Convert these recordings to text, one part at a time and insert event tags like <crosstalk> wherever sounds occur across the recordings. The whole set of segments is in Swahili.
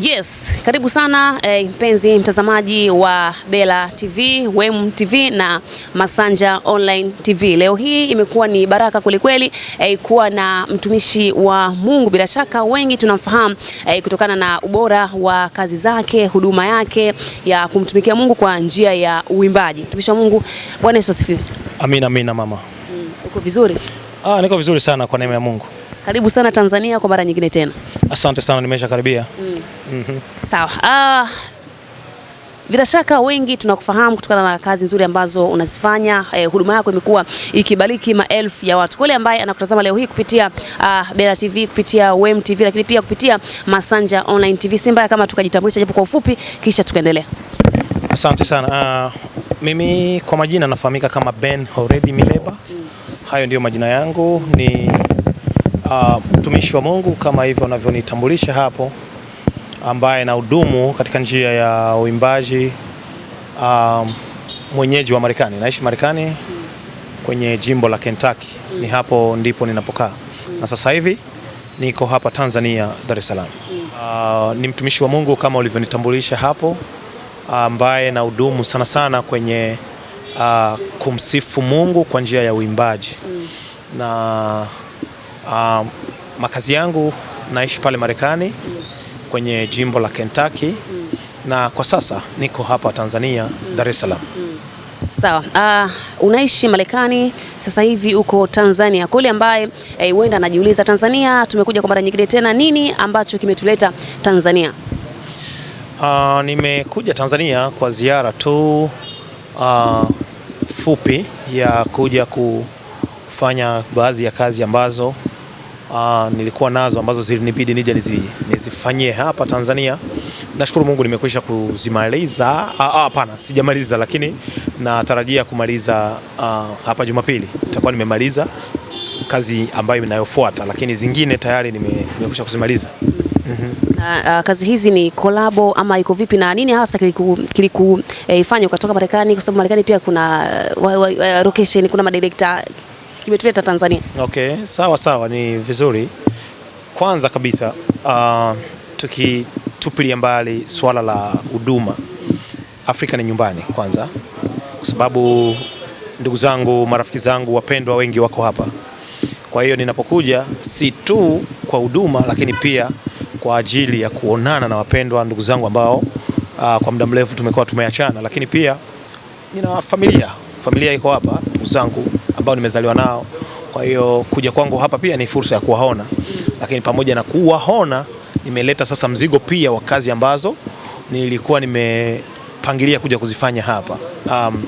Yes, karibu sana eh, mpenzi mtazamaji wa Bela TV, Wem TV na Masanja Online TV. Leo hii imekuwa ni baraka kwelikweli eh, kuwa na mtumishi wa Mungu. Bila shaka wengi tunamfahamu eh, kutokana na ubora wa kazi zake, huduma yake ya kumtumikia Mungu kwa njia ya uimbaji. Mtumishi wa Mungu, Bwana Yesu asifiwe. Amina, amina mama. Mm, uko vizuri? Ah, niko vizuri sana kwa neema ya Mungu. Karibu sana Tanzania kwa mara nyingine tena. Asante sana, nimesha karibia. mm. mm -hmm. Sawa. Ah, bila shaka wengi tunakufahamu kutokana na kazi nzuri ambazo unazifanya. Eh, huduma yako imekuwa ikibariki maelfu ya watu. Kwa yule ambaye anakutazama leo hii kupitia uh, ah, Bela TV, kupitia Wem TV, lakini pia kupitia Masanja Online TV, si mbaya kama tukajitambulisha japo kwa ufupi, kisha tukaendelea. Asante sana. Uh, mimi kwa majina nafahamika kama Ben Horedi Mileba. Mm. Hayo ndiyo majina yangu, ni Uh, mtumishi uh, wa Mungu kama hivyo unavyonitambulisha hapo, ambaye na hudumu katika njia ya uimbaji uh, mwenyeji wa Marekani, naishi Marekani kwenye jimbo la Kentucky, ni hapo ndipo ninapokaa na sasa hivi niko hapa Tanzania, Dar es Salaam. Uh, ni mtumishi wa Mungu kama ulivyonitambulisha hapo, ambaye na hudumu sana sana kwenye uh, kumsifu Mungu kwa njia ya uimbaji na Uh, makazi yangu naishi pale Marekani kwenye jimbo la Kentucky na kwa sasa niko hapa Tanzania Dar es Salaam Sawa. Sawa. Uh, unaishi Marekani sasa hivi uko Tanzania. Kwa ambaye eh, huenda eh, anajiuliza Tanzania tumekuja kwa mara nyingine tena, nini ambacho kimetuleta Tanzania? Uh, nimekuja Tanzania kwa ziara tu uh, fupi ya kuja kufanya baadhi ya kazi ambazo uh, nilikuwa nazo ambazo zilinibidi nije nizi, nizifanyie hapa Tanzania. Nashukuru Mungu nimekwisha kuzimaliza. Hapana, ah, ah, sijamaliza, lakini natarajia kumaliza uh, hapa Jumapili nitakuwa nimemaliza kazi ambayo inayofuata, lakini zingine tayari nimekwisha kuzimaliza. Mm -hmm. Na, uh, ah, kazi hizi ni kolabo ama iko vipi na nini hasa kilikufanya kiliku, eh, ukatoka Marekani? Kwa sababu Marekani pia kuna uh, uh, location kuna madirekta kimetuleta Tanzania. Okay, sawa sawa, ni vizuri. Kwanza kabisa uh, tukitupilia mbali swala la huduma, Afrika ni nyumbani kwanza, kwa sababu ndugu zangu, marafiki zangu wapendwa wengi wako hapa. Kwa hiyo ninapokuja si tu kwa huduma, lakini pia kwa ajili ya kuonana na wapendwa ndugu zangu ambao uh, kwa muda mrefu tumekuwa tumeachana, lakini pia nina familia, familia iko hapa, ndugu zangu ambao nimezaliwa nao. Kwa hiyo kuja kwangu hapa pia ni fursa ya kuwaona, lakini pamoja na kuwaona, nimeleta sasa mzigo pia wa kazi ambazo nilikuwa nimepangilia kuja kuzifanya hapa. Um,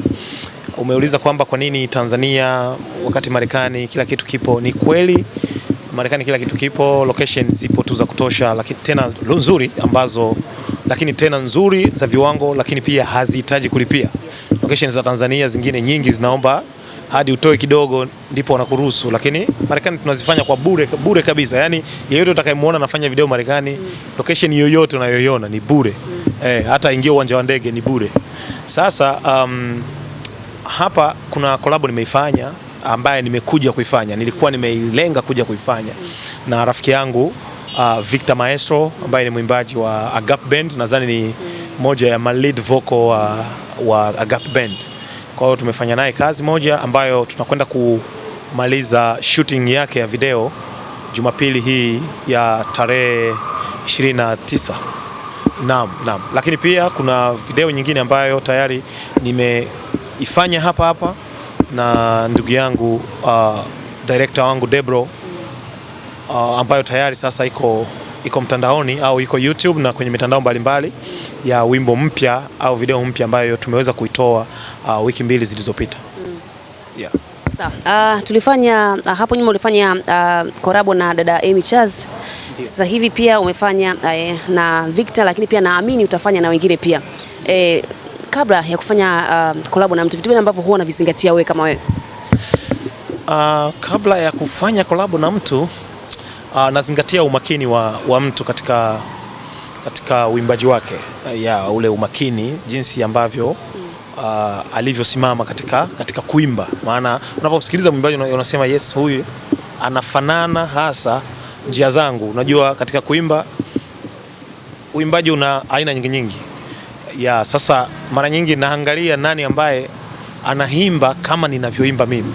umeuliza kwamba kwa nini Tanzania wakati Marekani kila kitu kipo. Ni kweli Marekani kila kitu kipo, location zipo tu za kutosha, lakini tena nzuri ambazo, lakini tena nzuri za viwango, lakini pia hazihitaji kulipia. Location za Tanzania zingine nyingi zinaomba hadi utoe kidogo ndipo wanakuruhusu, lakini Marekani tunazifanya kwa bure, bure kabisa. Yani yeyote utakayemuona anafanya video Marekani mm. location yoyote unayoiona ni bure mm. eh, hata ingia uwanja wa ndege ni bure. Sasa um, hapa kuna kolabo nimeifanya ambaye nimekuja kuifanya, nilikuwa nimeilenga kuja kuifanya mm. na rafiki yangu uh, Victor Maestro ambaye ni mwimbaji wa Agap Band, nadhani ni mm. moja ya lead vocal wa, wa Agap Band kwa hiyo tumefanya naye kazi moja ambayo tunakwenda kumaliza shooting yake ya video Jumapili hii ya tarehe 29. Naam, naam. Lakini pia kuna video nyingine ambayo tayari nimeifanya hapa hapa na ndugu yangu uh, director wangu Debro uh, ambayo tayari sasa iko iko mtandaoni au iko YouTube na kwenye mitandao mbalimbali mbali ya wimbo mpya au video mpya ambayo tumeweza kuitoa uh, wiki mbili zilizopita. Mm. Yeah. Sawa. Uh, tulifanya uh, hapo nyuma ulifanya uh, ah, korabo na dada Amy Chaz. Sasa hivi pia umefanya uh, na Victor lakini pia naamini utafanya na wengine pia. Eh, kabla ya kufanya kolabo uh, na mtu vitu gani ambavyo huwa unavizingatia wewe kama wewe? Uh, kabla ya kufanya kolabo na mtu uh, nazingatia umakini wa, wa mtu katika, katika uimbaji wake ya ule umakini jinsi ambavyo uh, alivyosimama katika, katika kuimba, maana unaposikiliza mwimbaji unasema yes, huyu anafanana hasa njia zangu. Unajua, katika kuimba uimbaji una aina nyingi nyingi ya sasa. Mara nyingi naangalia nani ambaye anaimba kama ninavyoimba mimi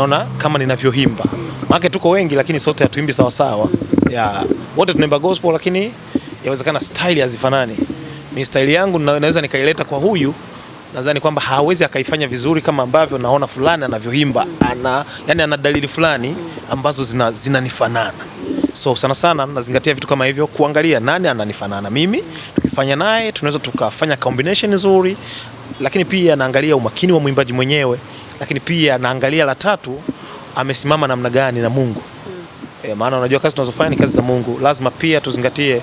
naona kama ninavyoimba, maana tuko wengi, lakini sote hatuimbi sawa sawa. ya wote tunaimba gospel, lakini yawezekana style hazifanani. mimi style yangu naweza nikaileta kwa huyu, nadhani kwamba hawezi akaifanya vizuri kama ambavyo naona fulani anavyoimba, ana yani ana dalili fulani ambazo zinanifanana zina so sana sana nazingatia vitu kama hivyo, kuangalia nani ananifanana mimi, tukifanya naye tunaweza tukafanya combination nzuri, lakini pia naangalia umakini wa mwimbaji mwenyewe lakini pia naangalia la tatu, amesimama namna gani na Mungu mm. E, maana unajua kazi tunazofanya ni kazi za Mungu, lazima pia tuzingatie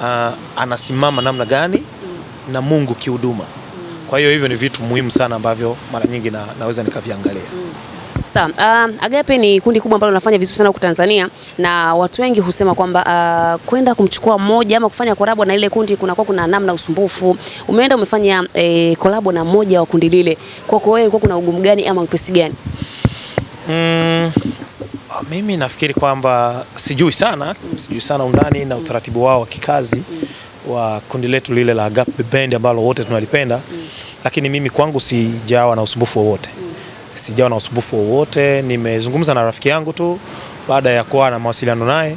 uh, anasimama namna gani mm. na Mungu kihuduma mm. Kwa hiyo hivyo ni vitu muhimu sana ambavyo mara nyingi na, naweza nikaviangalia mm. Sawa. Uh, Agape ni kundi kubwa ambalo linafanya vizuri sana huko Tanzania na watu wengi husema kwamba uh, kwenda kumchukua mmoja ama kufanya kolabo na ile kundi kuna kwa kuna namna usumbufu. Umeenda umefanya eh, kolabo na mmoja wa kundi lile. Kwako wewe kuna ugumu gani ama upesi gani? Mm, mimi nafikiri kwamba sijui sana, sijui sana undani na utaratibu wao wa kikazi wa kundi letu lile la Agape Band ambalo wote tunalipenda mm. lakini mimi kwangu sijawa na usumbufu wowote sijawa na usumbufu wowote. Nimezungumza na rafiki yangu tu baada ya kuwa na mawasiliano naye,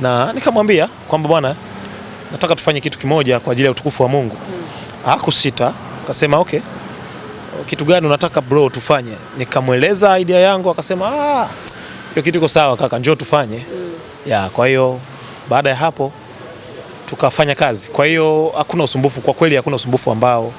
na nikamwambia kwamba bwana, nataka tufanye kitu kimoja kwa ajili ya utukufu wa Mungu. Hakusita, akasema okay, kitu gani unataka bro tufanye? Nikamweleza idea yangu, akasema ah, hiyo kitu iko sawa kaka, njoo tufanye. Ya, kwa hiyo baada ya hapo tukafanya kazi. Kwa hiyo hakuna usumbufu, kwa kweli hakuna usumbufu ambao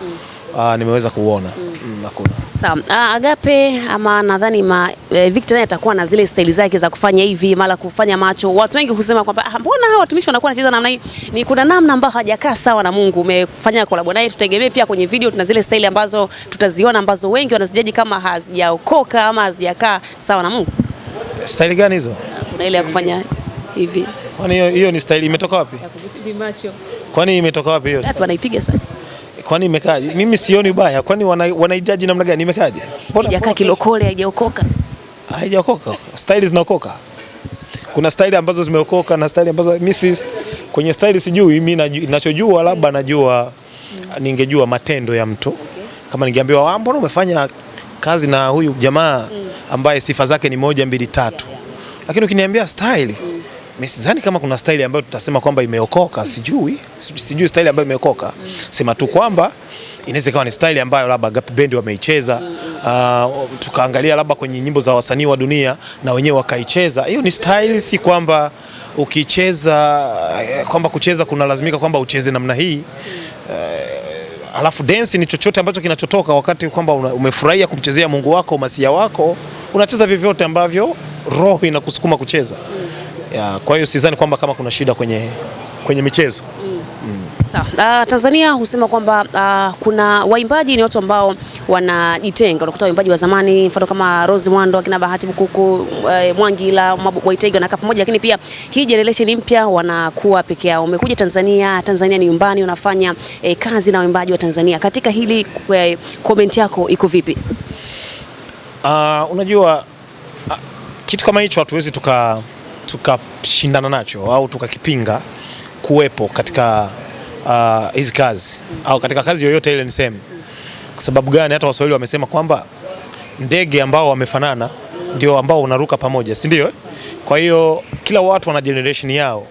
uh, nimeweza kuona mm, hakuna. mm. Sawa. Ah, Agape ama nadhani ma, eh, Victor naye atakuwa na zile style zake za kufanya hivi mara kufanya macho. Watu wengi husema kwamba ah, mbona hawa watumishi wanakuwa wanacheza namna hii? Ni kuna namna ambayo hajakaa sawa na Mungu. Umefanya collab naye, tutegemee pia kwenye video tuna zile style ambazo tutaziona ambazo wengi wanazijaji kama hazijaokoka ama hazijakaa sawa na Mungu. Style gani hizo? Kuna ile ya kufanya hivi. Kwani hiyo ni style imetoka wapi? Kwani imetoka wapi hiyo? Wanaipiga sana kwani imekaje? Mimi sioni ubaya, kwani wanahitaji namna gani? Imekaje? Haijakaa kilokole, haijaokoka, haijaokoka. Staili zinaokoka, kuna staili ambazo zimeokoka na staili ambazo mimi kwenye staili sijui. Mimi ninachojua labda najua ningejua matendo ya mtu Kama ningeambiwa ah, mbona umefanya kazi na huyu jamaa mm. ambaye sifa zake ni moja mbili tatu, lakini ukiniambia staili mimi sidhani kama kuna staili ambayo tutasema kwamba imeokoka, sijui sijui staili ambayo imeokoka. Sema tu kwamba inaweza ikawa ni staili ambayo labda Gap Band wameicheza, uh, tukaangalia labda kwenye nyimbo za wasanii wa dunia na wenyewe wakaicheza. Hiyo ni staili, si kwamba ukicheza eh, kwamba kucheza kuna lazimika kwamba ucheze namna hii uh, alafu dance ni chochote ambacho kinachotoka wakati kwamba umefurahia kumchezea Mungu wako, masia wako, unacheza vyovyote ambavyo roho inakusukuma kucheza ya, kwa hiyo sidhani kwamba kama kuna shida kwenye, kwenye michezo mm. Sawa. Uh, Tanzania husema kwamba uh, kuna waimbaji ni watu ambao wanajitenga. Unakuta waimbaji wa zamani mfano kama Rose Mwando, akina Bahati Mkuku, eh, Mwangila, Mwaitege wanakaa pamoja, lakini pia hii generation mpya wanakuwa peke yao. Umekuja Tanzania, Tanzania ni nyumbani, unafanya eh, kazi na waimbaji wa Tanzania. Katika hili eh, comment yako iko vipi? Uh, unajua uh, kitu kama hicho hatuwezi tuka tukashindana nacho au tukakipinga kuwepo katika uh, hizi kazi au katika kazi yoyote ile, niseme kwa sababu gani? Hata Waswahili wamesema kwamba ndege ambao wamefanana ndio ambao unaruka pamoja, si ndio? Kwa hiyo kila watu wana generation yao.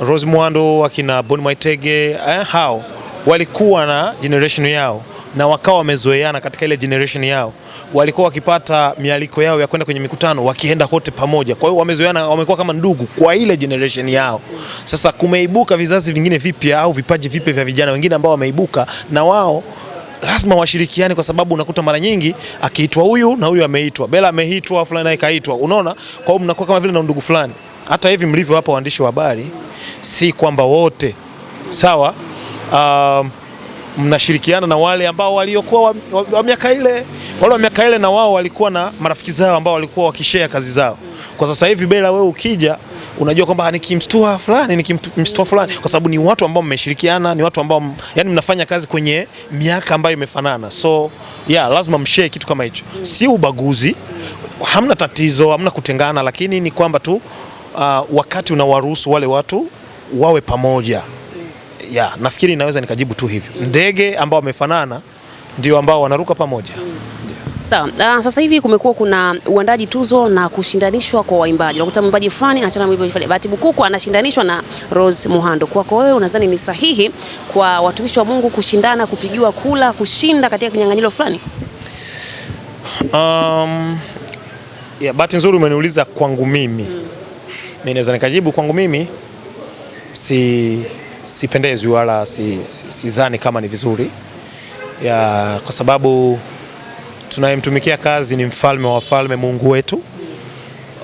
Rose Muhando, akina Bon Mwaitege eh, hao walikuwa na generation yao na wakawa wamezoeana katika ile generation yao, walikuwa wakipata mialiko yao ya kwenda kwenye mikutano wakienda kote pamoja. Kwa hiyo wamezoeana, wamekuwa kama ndugu kwa ile generation yao. Sasa kumeibuka vizazi vingine vipya au vipaji vipya vya vijana wengine ambao wameibuka, na wao lazima washirikiane, kwa sababu unakuta mara nyingi akiitwa huyu na huyu ameitwa, Bela ameitwa, fulani naye kaitwa, unaona. Kwa hiyo mnakuwa kama vile na ndugu fulani. Hata hivi mlivyo hapa, waandishi wa habari, si kwamba wote sawa um, mnashirikiana na wale ambao waliokuwa wa, wa, wa miaka ile wale wa miaka ile, na wao walikuwa na marafiki zao ambao walikuwa wakishare kazi zao. Kwa sasa hivi Bela, wewe ukija unajua kwamba nikimstua fulani nikimstua fulani, kwa sababu ni watu ambao mmeshirikiana, ni watu ambao yani mnafanya kazi kwenye miaka ambayo imefanana, so yeah, lazima mshare kitu kama hicho, si ubaguzi, hamna tatizo, hamna kutengana, lakini ni kwamba tu uh, wakati unawaruhusu wale watu wawe pamoja ya, nafikiri naweza nikajibu tu hivyo mm. Ndege ambao wamefanana ndio ambao wanaruka pamoja mm. Sawa. Uh, sasa hivi kumekuwa kuna uandaji tuzo na kushindanishwa kwa waimbaji. Unakuta mwimbaji fulani anachana mwimbaji fulani. Bahati Bukuku anashindanishwa na Rose Muhando. Kwako wewe unadhani ni sahihi kwa watumishi wa Mungu kushindana, kupigiwa kula, kushinda katika kinyang'anyiro fulani? Um, yeah, bahati nzuri umeniuliza kwangu mimi. Hmm. Mimi mm. naweza nikajibu kwangu mimi si sipendezwi wala sizani si, si kama ni vizuri ya, kwa sababu tunayemtumikia kazi ni mfalme wa wafalme, Mungu wetu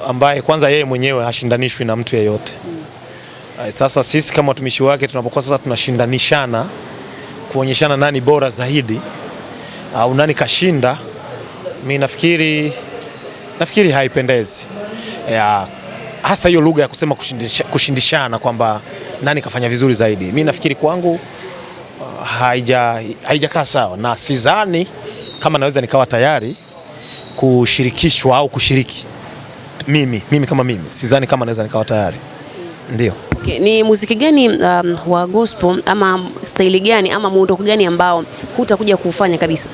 ambaye kwanza yeye mwenyewe hashindanishwi na mtu yeyote. Sasa sisi kama watumishi wake tunapokuwa sasa tunashindanishana kuonyeshana nani bora zaidi au nani kashinda, mi nafikiri nafikiri haipendezi ya, hasa hiyo lugha ya kusema kushindishana, kushindishana kwamba nani kafanya vizuri zaidi. Mi nafikiri kwangu uh, haijakaa haija sawa, na sidhani kama naweza nikawa tayari kushirikishwa au kushiriki mimi, mimi kama mimi sidhani kama naweza nikawa tayari ndio. Okay, ni muziki gani um, wa gospel ama staili gani ama muundo gani ambao hutakuja kuufanya kabisa?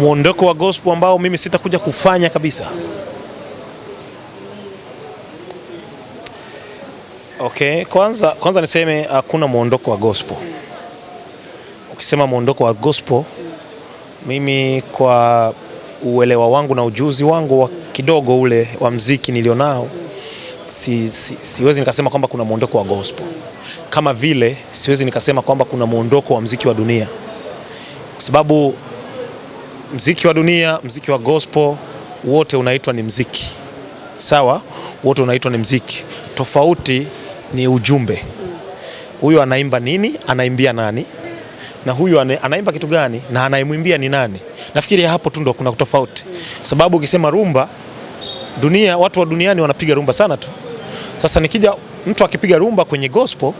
Muondoko wa gospel ambao mimi sitakuja kufanya kabisa. Okay, kwanza, kwanza niseme hakuna mwondoko wa gospel. Ukisema mwondoko wa gospel, mimi kwa uelewa wangu na ujuzi wangu wa kidogo ule wa mziki nilionao, si, si, siwezi nikasema kwamba kuna mwondoko wa gospel, kama vile siwezi nikasema kwamba kuna mwondoko wa mziki wa dunia, kwa sababu mziki wa dunia, mziki wa gospel wote unaitwa ni mziki sawa, wote unaitwa ni mziki tofauti ni ujumbe, huyu anaimba nini, anaimbia nani, na huyu anaimba kitu gani, na anayemwimbia ni nani. Nafikiri hapo tu ndo kuna tofauti, sababu ukisema rumba dunia, watu wa duniani wanapiga rumba sana tu. Sasa nikija mtu akipiga rumba kwenye gospel,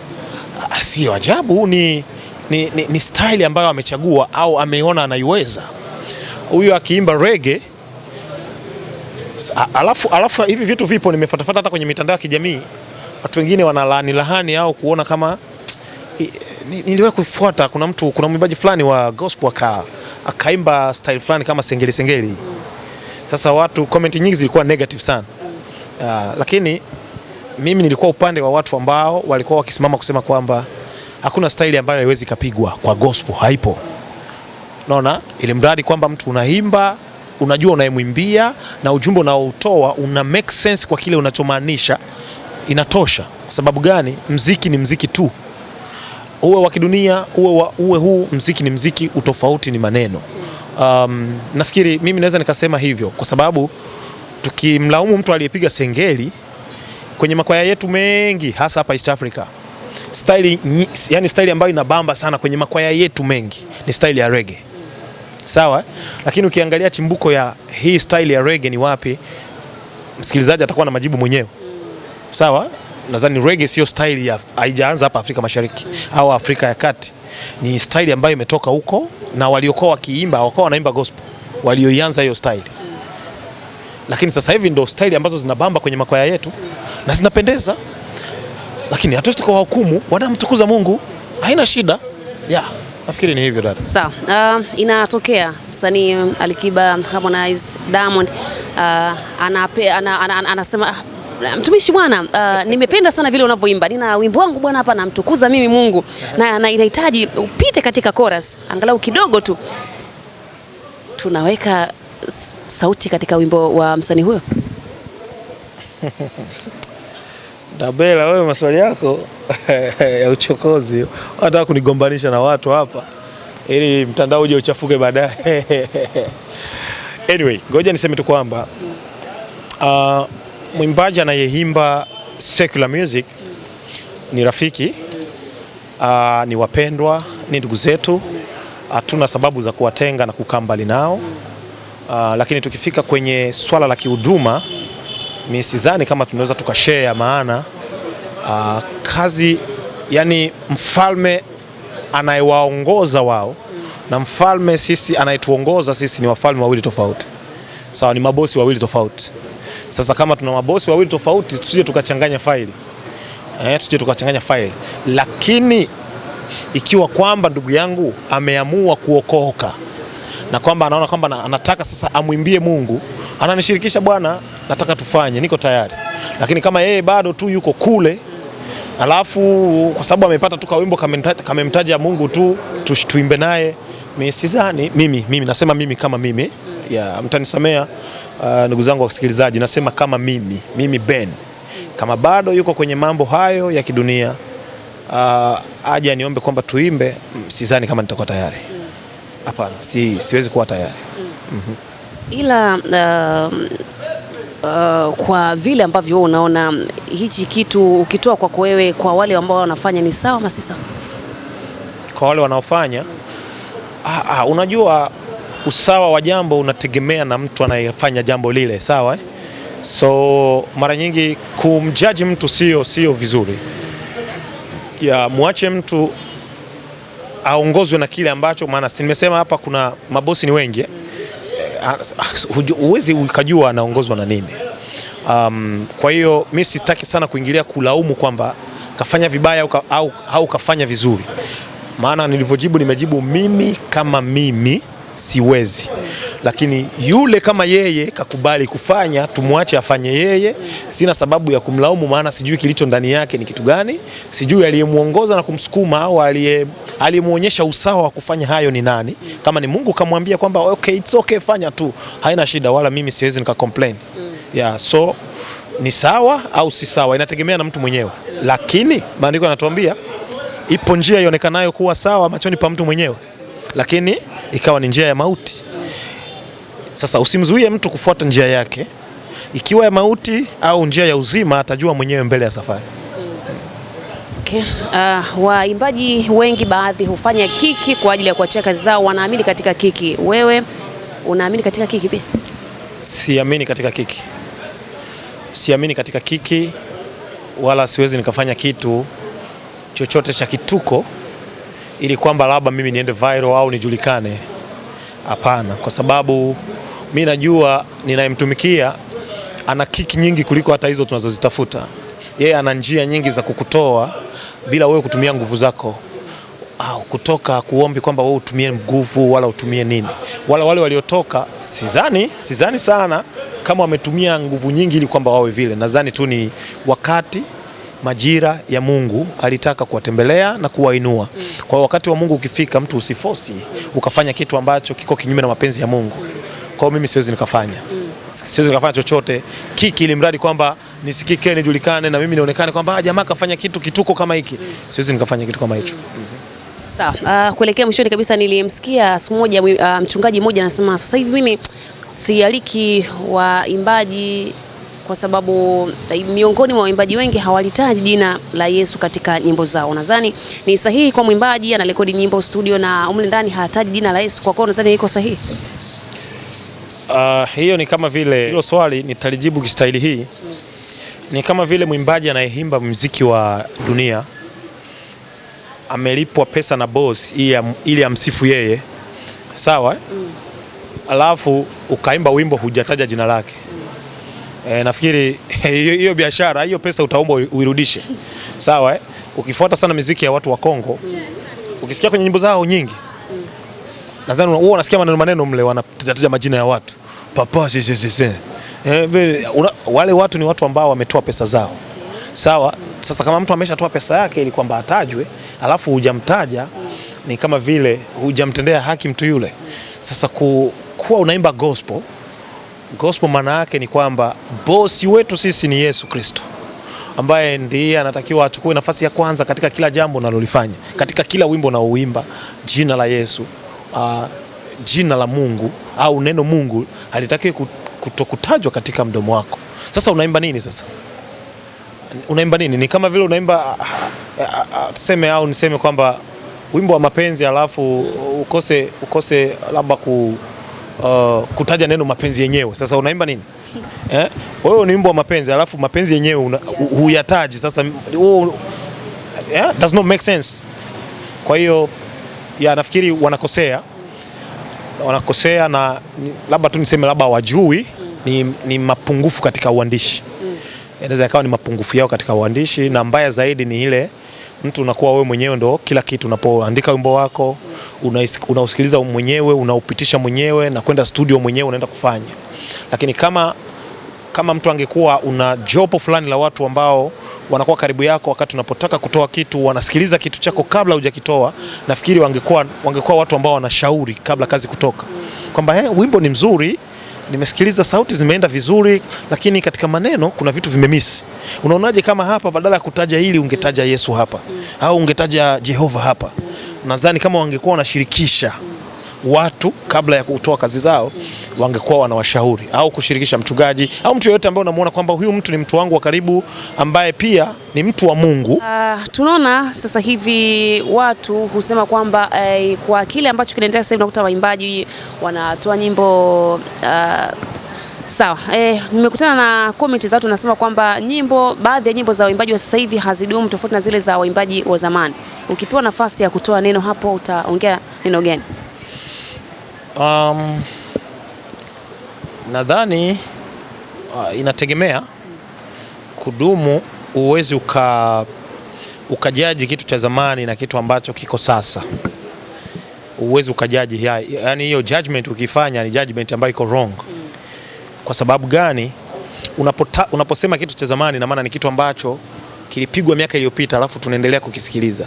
ah, sio ajabu, ni, ni, ni, ni style ambayo amechagua au ameona anaiweza. Huyu akiimba rege alafu, alafu hivi vitu vipo nimefuatafuta hata kwenye mitandao ya kijamii watu wengine wanalaani lahani au kuona kama niliwahi kufuata, kuna mtu, kuna mwimbaji fulani wa gospel aka akaimba style fulani kama sengeli sengeli. Sasa watu comment nyingi zilikuwa negative sana. Uh, lakini mimi nilikuwa upande wa watu ambao walikuwa wakisimama kusema kwamba hakuna staili ambayo haiwezi ikapigwa kwa gospel, haipo. Naona ili mradi kwamba mtu unaimba, unajua unayemwimbia na ujumbe unaoutoa una make sense kwa kile unachomaanisha, inatosha. Kwa sababu gani? Mziki ni mziki tu, uwe wa kidunia uwe, uwe huu mziki ni mziki, utofauti ni maneno. Um, nafikiri mimi naweza nikasema hivyo kwa sababu tukimlaumu mtu aliyepiga sengeli kwenye makwaya yetu mengi hasa hapa East Africa style, yani style ambayo inabamba sana kwenye makwaya yetu mengi ni style ya reggae. sawa. Lakini ukiangalia chimbuko ya hii style ya reggae ni wapi, msikilizaji atakuwa na majibu mwenyewe sawa. Nadhani rege sio staili ya haijaanza hapa Afrika Mashariki au Afrika ya Kati, ni staili ambayo imetoka huko, na waliokuwa wakiimba wakawa wanaimba gospel, walioianza hiyo staili, Lakini sasa hivi ndo staili ambazo zinabamba kwenye makwaya yetu na zinapendeza, lakini hatuwezi hukumu, wanamtukuza Mungu, haina shida yeah. Nafikiri ni hivyo dada. Sawa. So, Uh, ah, inatokea msanii um, Alikiba Harmonize Diamond uh, ah, anasema ana, ana, ana, ana, Eh, mtumishi bwana, uh, nimependa sana vile unavyoimba. Nina wimbo wangu bwana hapa, namtukuza mimi Mungu na, na inahitaji upite katika chorus angalau kidogo tu, tunaweka sauti katika wimbo wa msanii huyo. <laughs> Dabela, wewe maswali yako <laughs> ya uchokozi wanataka kunigombanisha na watu hapa ili mtandao uje uchafuke baadaye. <laughs> Anyway, ngoja niseme tu kwamba uh, mwimbaji anayeimba secular music ni rafiki uh, ni wapendwa, ni ndugu zetu, hatuna uh, sababu za kuwatenga na kukaa mbali nao uh, lakini tukifika kwenye swala la kihuduma, mi sidhani kama tunaweza tukashare, maana uh, kazi yani mfalme anayewaongoza wao na mfalme sisi anayetuongoza sisi ni wafalme wawili tofauti, sawa? Ni mabosi wawili tofauti. Sasa kama tuna mabosi wawili tofauti, tusije tukachanganya faili eh, tusije tukachanganya faili. Lakini ikiwa kwamba ndugu yangu ameamua kuokoka na kwamba anaona kwamba anataka sasa amwimbie Mungu, ananishirikisha bwana, nataka tufanye, niko tayari. Lakini kama yeye bado tu yuko kule alafu kwa sababu amepata tu kawimbo kamemtaja Mungu tu tuimbe naye, mimi sidhani. Mimi mimi nasema mimi kama mimi ya mtanisamea uh, ndugu zangu wasikilizaji, nasema kama mimi mimi Ben kama bado yuko kwenye mambo hayo ya kidunia uh, aje aniombe kwamba tuimbe, sidhani kama nitakuwa tayari. Hapana, si, siwezi kuwa tayari mm -hmm. Ila uh, uh, kwa vile ambavyo unaona hichi kitu ukitoa kwako wewe, kwa wale ambao wanafanya ni sawa ama si sawa? Kwa wale wanaofanya, ah, ah, unajua usawa wa jambo unategemea na mtu anayefanya jambo lile, sawa eh? So mara nyingi kumjaji mtu sio sio vizuri ya, mwache mtu aongozwe na kile ambacho, maana nimesema hapa kuna mabosi ni wengi eh? Ah, ah, huwezi ukajua anaongozwa na nini. Um, kwa hiyo mi sitaki sana kuingilia kulaumu kwamba kafanya vibaya au, au kafanya vizuri, maana nilivyojibu nimejibu mimi kama mimi siwezi, lakini yule kama yeye kakubali kufanya, tumwache afanye yeye. Sina sababu ya kumlaumu, maana sijui kilicho ndani yake ni kitu gani, sijui aliyemwongoza na kumsukuma au aliyemwonyesha usawa wa kufanya hayo ni nani. Kama ni Mungu kamwambia kwamba okay, it's okay, fanya tu, haina shida, wala mimi siwezi nika complain. Mm. Yeah, so ni sawa au si sawa, inategemea na mtu mwenyewe, lakini maandiko yanatuambia ipo njia ionekanayo kuwa sawa machoni pa mtu mwenyewe lakini ikawa ni njia ya mauti. Sasa usimzuie mtu kufuata njia yake, ikiwa ya mauti au njia ya uzima, atajua mwenyewe mbele ya safari. Okay. Uh, waimbaji wengi baadhi hufanya kiki kwa ajili ya kuachia kazi zao, wanaamini katika kiki. Wewe unaamini katika kiki pia? Siamini katika kiki, siamini katika kiki, wala siwezi nikafanya kitu chochote cha kituko ili kwamba labda mimi niende viral au nijulikane. Hapana, kwa sababu mi najua ninayemtumikia ana kiki nyingi kuliko hata hizo tunazozitafuta. Yeye ana njia nyingi za kukutoa bila wewe kutumia nguvu zako au kutoka kuombi kwamba wewe utumie nguvu wala utumie nini, wala wale waliotoka, sidhani sidhani sana kama wametumia nguvu nyingi ili kwamba wawe vile. Nadhani tu ni wakati majira ya Mungu alitaka kuwatembelea na kuwainua. Kwa wakati wa Mungu ukifika, mtu usifosi ukafanya kitu ambacho kiko kinyume na mapenzi ya Mungu. Kwa hiyo mimi siwezi nikafanya siwezi nikafanya chochote kiki, ili mradi kwamba nisikike, nijulikane na mimi nionekane kwamba ah, jamaa kafanya kitu kituko kama hiki. Siwezi nikafanya kitu kama hicho. Sawa. Uh, kuelekea mwishoni kabisa nilimsikia siku moja uh, mchungaji mmoja anasema sasa hivi mimi sialiki waimbaji kwa sababu eh, miongoni mwa waimbaji wengi hawalitaji jina la Yesu katika nyimbo zao. Nadhani ni sahihi kwa mwimbaji anarekodi nyimbo studio na umle ndani hataji jina la Yesu, kwa kwao nadhani iko sahihi. Uh, hiyo ni kama vile hilo swali nitalijibu kistaili hii mm. Ni kama vile mwimbaji anayeimba mziki wa dunia amelipwa pesa na boss ili amsifu yeye, sawa mm. Alafu ukaimba wimbo hujataja jina lake E, nafikiri <laughs> hiyo biashara hiyo pesa utaomba uirudishe, sawa eh? Ukifuata sana miziki ya watu wa Kongo, ukisikia kwenye nyimbo zao nyingi, nadhani huwa unasikia maneno maneno mle wanatataja majina ya watu papa si, si, si. E, wale watu ni watu ambao wametoa pesa zao, sawa. Sasa kama mtu ameshatoa pesa yake ili kwamba atajwe, alafu hujamtaja, ni kama vile hujamtendea haki mtu yule. Sasa ku, kuwa unaimba gospel Gospel maana yake ni kwamba bosi wetu sisi ni Yesu Kristo ambaye ndiye anatakiwa achukue nafasi ya kwanza katika kila jambo unalolifanya, katika kila wimbo unaouimba, jina la Yesu uh, jina la Mungu au neno Mungu halitakiwi kutokutajwa katika mdomo wako. Sasa unaimba nini? Sasa unaimba nini? Ni kama vile unaimba ah, ah, tuseme, au niseme kwamba wimbo wa mapenzi alafu ukose ukose labda ku uh, kutaja neno mapenzi yenyewe. Sasa unaimba nini eh? Wewe wa mapenzi alafu mapenzi yenyewe huyataji. Sasa oh, eh? yeah, does not make sense. Kwa hiyo ya nafikiri wanakosea wanakosea na labda tu niseme labda wajui ni, ni mapungufu katika uandishi, mm. inaweza ikawa ni mapungufu yao katika uandishi, na mbaya zaidi ni ile mtu unakuwa wewe mwenyewe ndo kila kitu. Unapoandika wimbo wako unausikiliza una mwenyewe unaupitisha mwenyewe na kwenda studio mwenyewe unaenda kufanya, lakini kama kama mtu angekuwa una jopo fulani la watu ambao wanakuwa karibu yako wakati unapotaka kutoa kitu, wanasikiliza kitu chako kabla hujakitoa, nafikiri wangekuwa wangekuwa watu ambao wanashauri kabla kazi kutoka, kwamba hey, wimbo ni mzuri nimesikiliza sauti zimeenda vizuri, lakini katika maneno kuna vitu vimemisi. Unaonaje kama hapa badala ya kutaja hili ungetaja Yesu hapa au ungetaja Jehova hapa? Nadhani kama wangekuwa wanashirikisha watu kabla ya kutoa kazi zao wangekuwa wanawashauri au kushirikisha mchungaji au mtu yeyote ambaye unamuona kwamba huyu mtu ni mtu wangu wa karibu ambaye pia ni mtu wa Mungu. Uh, tunaona sasa hivi watu husema kwamba eh, kwa kile ambacho kinaendelea sasa hivi nakuta waimbaji wanatoa nyimbo uh, Sawa, eh, nimekutana na comment za watu nasema kwamba nyimbo, baadhi ya nyimbo za waimbaji wa sasa hivi hazidumu tofauti na zile za waimbaji wa zamani. Ukipewa nafasi ya kutoa neno hapo, utaongea neno gani? Um, nadhani uh, inategemea kudumu, huwezi uka ukajaji kitu cha zamani na kitu ambacho kiko sasa, huwezi ukajaji. Yani hiyo judgment ukifanya ni judgment ambayo iko wrong. Kwa sababu gani? Unapota, unaposema kitu cha zamani na maana ni kitu ambacho kilipigwa miaka iliyopita alafu tunaendelea kukisikiliza.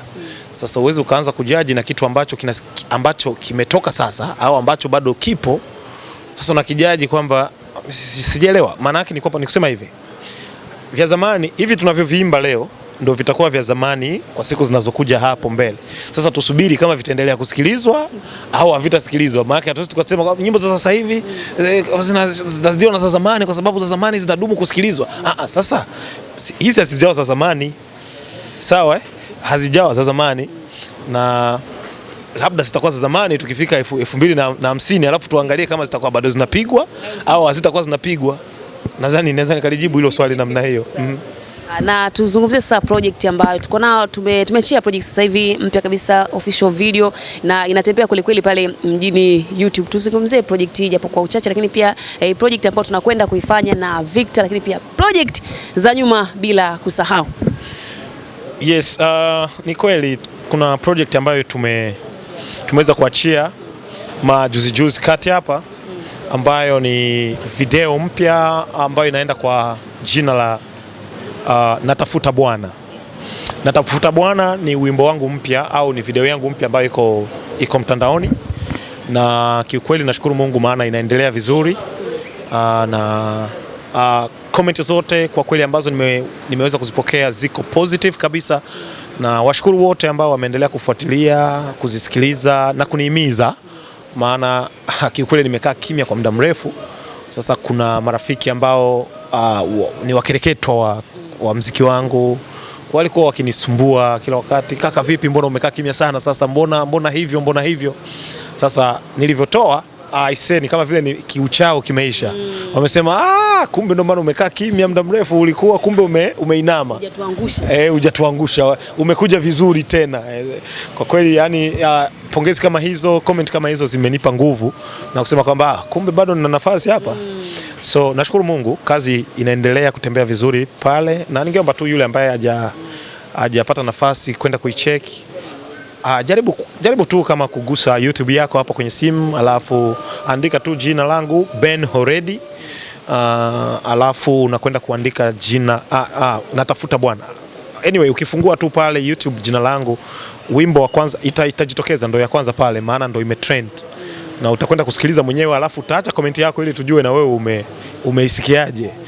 Sasa uwezi ukaanza kujaji na kitu ambacho, kina, ambacho kimetoka sasa au ambacho bado kipo sasa kijaji kwamba sijaelewa. Maana yake ni kwamba nikusema hivi vya zamani hivi tunavyoviimba leo ndio vitakuwa vya zamani kwa siku zinazokuja hapo mbele. Sasa tusubiri kama vitaendelea kusikilizwa au havitasikilizwa, maana yake hatuwezi tukasema nyimbo za sasa hivi eh, zinazidiwa na za zamani kwa sababu za zamani zinadumu kusikilizwa. Ah, ah sasa hizi hazijawa za zamani, sawa eh? hazijawa za zamani na labda zitakuwa za zamani tukifika elfu mbili na hamsini alafu tuangalie kama zitakuwa bado zinapigwa au hazitakuwa zinapigwa. Nadhani naweza nikalijibu hilo swali namna hiyo mm. Na tuzungumzie sasa project ambayo tuko nayo, tumechia project sasa hivi mpya kabisa official video na inatembea kweli kweli pale mjini YouTube. Tuzungumzie project hii japo kwa uchache, lakini pia eh, project ambayo tunakwenda kuifanya na Victor, lakini pia project za nyuma bila kusahau Yes, uh, ni kweli kuna project ambayo tume tumeweza kuachia majuzi juzi kati hapa ambayo ni video mpya ambayo inaenda kwa jina la uh, Natafuta Bwana. Natafuta Bwana ni wimbo wangu mpya au ni video yangu mpya ambayo iko, iko mtandaoni na kiukweli nashukuru Mungu maana inaendelea vizuri uh, na uh, comment zote kwa kweli ambazo nime, nimeweza kuzipokea ziko positive kabisa, na washukuru wote ambao wameendelea kufuatilia, kuzisikiliza na kunihimiza, maana ah, kiukweli nimekaa kimya kwa muda mrefu sasa. Kuna marafiki ambao uh, ni wakereketwa wa, wa mziki wangu walikuwa wakinisumbua kila wakati, kaka, vipi, mbona umekaa kimya sana? Sasa mbona mbona hivyo mbona hivyo? Sasa nilivyotoa aiseni ah, kama vile ni kiuchao kimeisha. Mm. Wamesema ah, kumbe ndo maana umekaa kimya muda mrefu, ulikuwa kumbe ume, umeinama. Hujatuangusha. Eh, Umekuja vizuri tena. E, kwa kweli yani ya, ah, pongezi kama hizo, comment kama hizo zimenipa nguvu na kusema kwamba ah, kumbe bado nina nafasi hapa. Mm. So nashukuru Mungu, kazi inaendelea kutembea vizuri pale, na ningeomba tu yule ambaye haja hajapata nafasi kwenda kuicheki Uh, jaribu, jaribu tu kama kugusa YouTube yako hapa kwenye simu, alafu andika tu jina langu Ben Horedi. Uh, alafu unakwenda kuandika jina ah, ah, natafuta bwana. Anyway, ukifungua tu pale YouTube jina langu, wimbo wa kwanza ita, itajitokeza ndo ya kwanza pale, maana ndo imetrend na utakwenda kusikiliza mwenyewe, alafu utaacha komenti yako ili tujue na wewe ume, umeisikiaje.